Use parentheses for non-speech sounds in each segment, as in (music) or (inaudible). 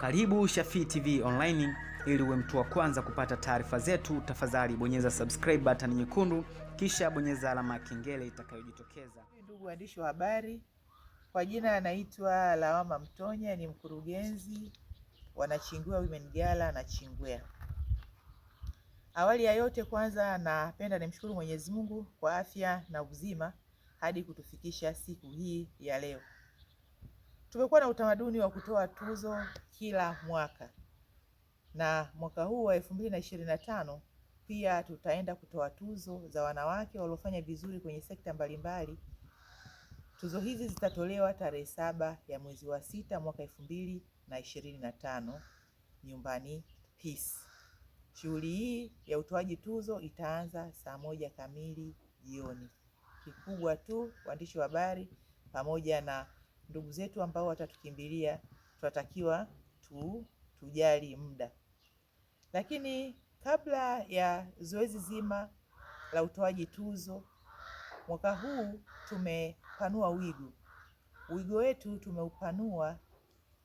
Karibu Shafii TV online ili uwe mtu wa kwanza kupata taarifa zetu, tafadhali bonyeza subscribe button nyekundu, kisha bonyeza alama ya kengele itakayojitokeza. Ndugu waandishi wa habari, kwa jina anaitwa Lawama Mtonya, ni mkurugenzi wa Nachingwea Women Gala Nachingwea. Awali ya yote, kwanza napenda nimshukuru Mwenyezi Mungu kwa afya na uzima hadi kutufikisha siku hii ya leo. Tumekuwa na utamaduni wa kutoa tuzo kila mwaka na mwaka huu wa elfu mbili na ishirini na tano pia tutaenda kutoa tuzo za wanawake waliofanya vizuri kwenye sekta mbalimbali. Tuzo hizi zitatolewa tarehe saba ya mwezi wa sita mwaka elfu mbili na ishirini na tano nyumbani Peace. Shughuli hii ya utoaji tuzo itaanza saa moja kamili jioni. Kikubwa tu waandishi wa habari pamoja na ndugu zetu ambao watatukimbilia, tunatakiwa tu, tujali muda. Lakini kabla ya zoezi zima la utoaji tuzo, mwaka huu tumepanua wigo. Wigo wetu tumeupanua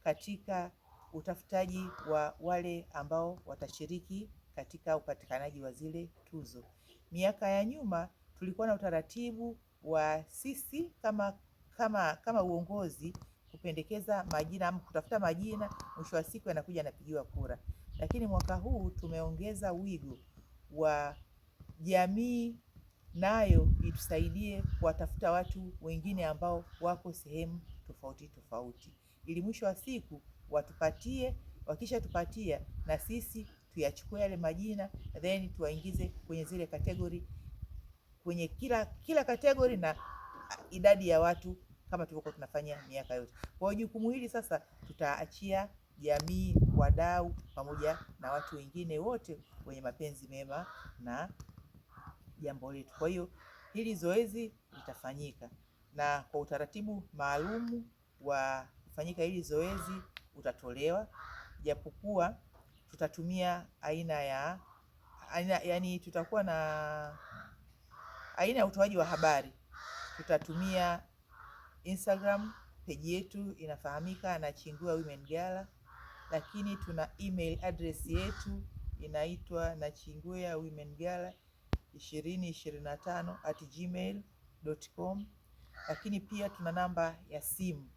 katika utafutaji wa wale ambao watashiriki katika upatikanaji wa zile tuzo. Miaka ya nyuma tulikuwa na utaratibu wa sisi kama kama kama uongozi kupendekeza majina ama kutafuta majina, mwisho wa siku yanakuja yanapigiwa kura. Lakini mwaka huu tumeongeza wigo wa jamii nayo itusaidie kuwatafuta watu wengine ambao wako sehemu tofauti tofauti, ili mwisho wa siku watupatie, wakishatupatia na sisi tuyachukue yale majina then tuwaingize kwenye zile kategori, kwenye kila kila kategori na idadi ya watu kama tulivyokuwa tunafanya miaka yote. Kwa jukumu hili sasa tutaachia jamii, wadau, pamoja na watu wengine wote wenye mapenzi mema na jambo letu. Kwa hiyo hili zoezi litafanyika na kwa utaratibu maalumu wa kufanyika hili zoezi utatolewa, japokuwa tutatumia aina ya aina, yani tutakuwa na aina ya utoaji wa habari tutatumia Instagram peji yetu inafahamika na Nachingwea Women Gala, lakini tuna email address yetu inaitwa Nachingwea Women Gala 2025 at gmail.com, lakini pia tuna namba ya simu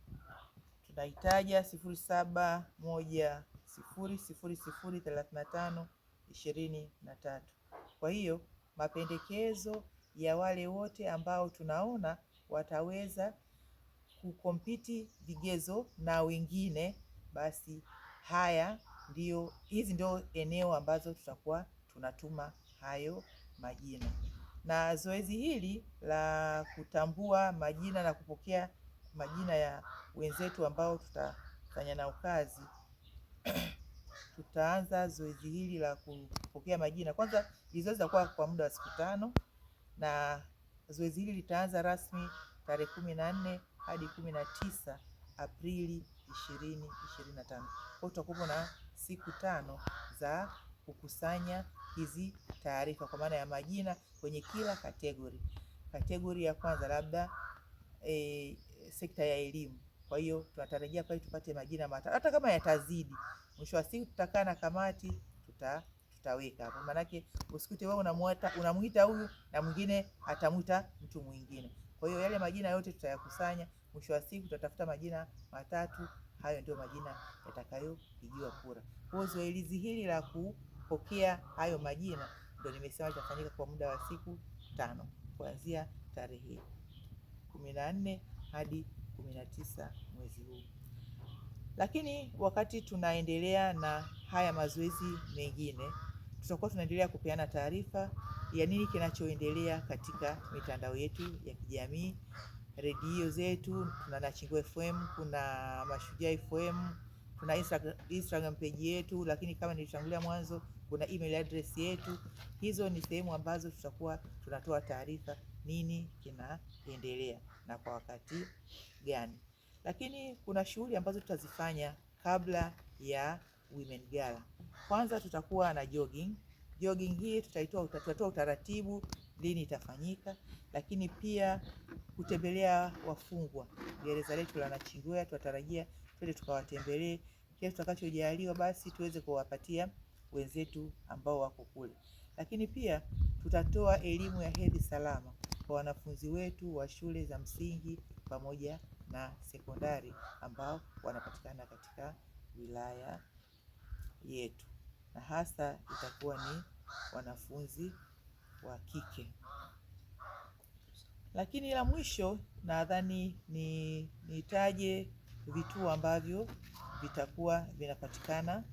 tunaitaja 07100035 ishirini Kwa hiyo mapendekezo ya wale wote ambao tunaona wataweza kukompiti vigezo na wengine, basi haya ndio, hizi ndio eneo ambazo tutakuwa tunatuma hayo majina. Na zoezi hili la kutambua majina na kupokea majina ya wenzetu ambao tutafanya nao kazi (clears throat) tutaanza zoezi hili la kupokea majina. Kwanza zoezi litakuwa kwa muda wa siku tano, na zoezi hili litaanza rasmi tarehe 14 hadi 19 Aprili 2025. Kwa hiyo tutakuwa na siku tano za kukusanya hizi taarifa kwa maana ya majina kwenye kila kategori. Kategori ya kwanza labda e, sekta ya elimu. Kwa hiyo tunatarajia pale tupate majina matatu, hata kama yatazidi, mwisho wa siku tutakaa na kamati tuta tutaweka hapo, maanake usikute wewe unamuita huyu na mwingine atamwita mtu mwingine. Kwa hiyo yale majina yote tutayakusanya, mwisho wa siku tutatafuta majina matatu, hayo ndio majina yatakayopigiwa kura. Kwa hiyo zoezi hili la kupokea hayo majina ndio nimesema litafanyika kwa muda wa siku tano kuanzia tarehe kumi na nne hadi kumi na tisa mwezi huu. Lakini wakati tunaendelea na haya mazoezi mengine tutakuwa tunaendelea kupeana taarifa ya nini kinachoendelea katika mitandao yetu ya kijamii, redio zetu, tuna Nachingwea FM, kuna Mashujaa FM, tuna Instagram, page yetu, lakini kama nilitangulia mwanzo, kuna email address yetu. Hizo ni sehemu ambazo tutakuwa tunatoa taarifa nini kinaendelea na kwa wakati gani, lakini kuna shughuli ambazo tutazifanya kabla ya Women Gala. Kwanza tutakuwa na jogging. Jogging hii tutaitoa, tutatoa utaratibu lini itafanyika, lakini pia kutembelea wafungwa gereza letu la Nachingwea. Tunatarajia twende tukawatembelee, kile tutakachojaliwa basi tuweze kuwapatia wenzetu ambao wako kule, lakini pia tutatoa elimu ya hedhi salama kwa wanafunzi wetu wa shule za msingi pamoja na sekondari ambao wanapatikana katika wilaya yetu, na hasa itakuwa ni wanafunzi wa kike. Lakini la mwisho nadhani ni nitaje vituo ambavyo vitakuwa vinapatikana.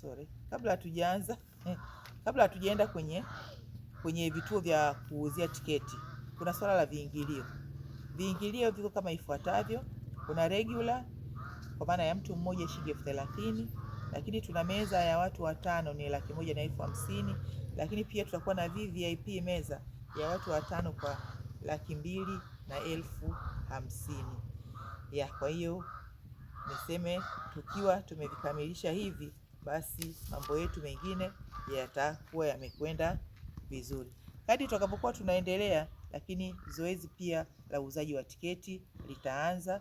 Sorry, kabla hatujaanza (laughs) kabla hatujaenda kwenye kwenye vituo vya kuuzia tiketi, kuna swala la viingilio. Viingilio viko kama ifuatavyo: kuna regular kwa maana ya mtu mmoja shilingi elfu thelathini lakini tuna meza ya watu watano ni laki moja na elfu hamsini lakini pia tutakuwa na VVIP meza ya watu watano kwa laki mbili na elfu hamsini ya kwa hiyo niseme tukiwa tumevikamilisha hivi basi mambo yetu mengine yatakuwa yamekwenda vizuri kadi tutakapokuwa tunaendelea. Lakini zoezi pia la uuzaji wa tiketi litaanza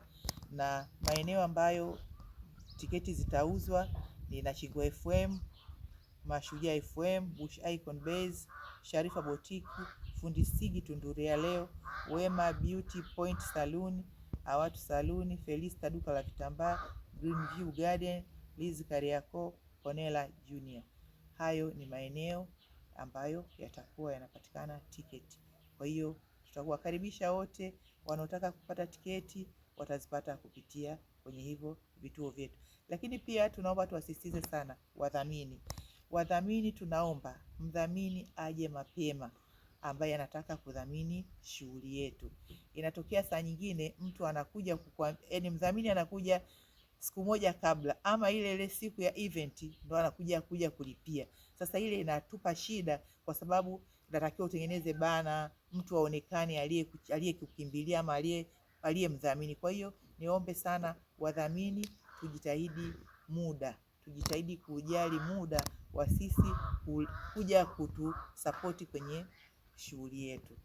na maeneo ambayo tiketi zitauzwa lina Chingwa FM, Mashujaa FM, Bush Icon Base, Sharifa Botiki, Fundi Sigi, Tunduria Leo, Wema Beauty Point Saluni, Awatu Saluni, Felista duka la kitambaa, Green View Garden, Liz Kariako, Ponela Junior. Hayo ni maeneo ambayo yatakuwa yanapatikana tiketi. Kwa hiyo tutakuwakaribisha wote wanaotaka kupata tiketi watazipata kupitia kwenye hivyo vituo vyetu. Lakini pia tunaomba tuwasisitize sana wadhamini. Wadhamini tunaomba mdhamini aje mapema ambaye anataka kudhamini shughuli yetu. Inatokea saa nyingine mtu anakuja kukwambia, yani mdhamini anakuja siku moja kabla ama ile ile siku ya event ndo anakuja kuja kulipia. Sasa ile inatupa shida, kwa sababu natakiwa utengeneze bana, mtu aonekane aliyekukimbilia ama aliye aliyemdhamini. Kwa hiyo niombe sana wadhamini, tujitahidi muda, tujitahidi kujali muda wa sisi kuja kutusapoti kwenye shughuli yetu.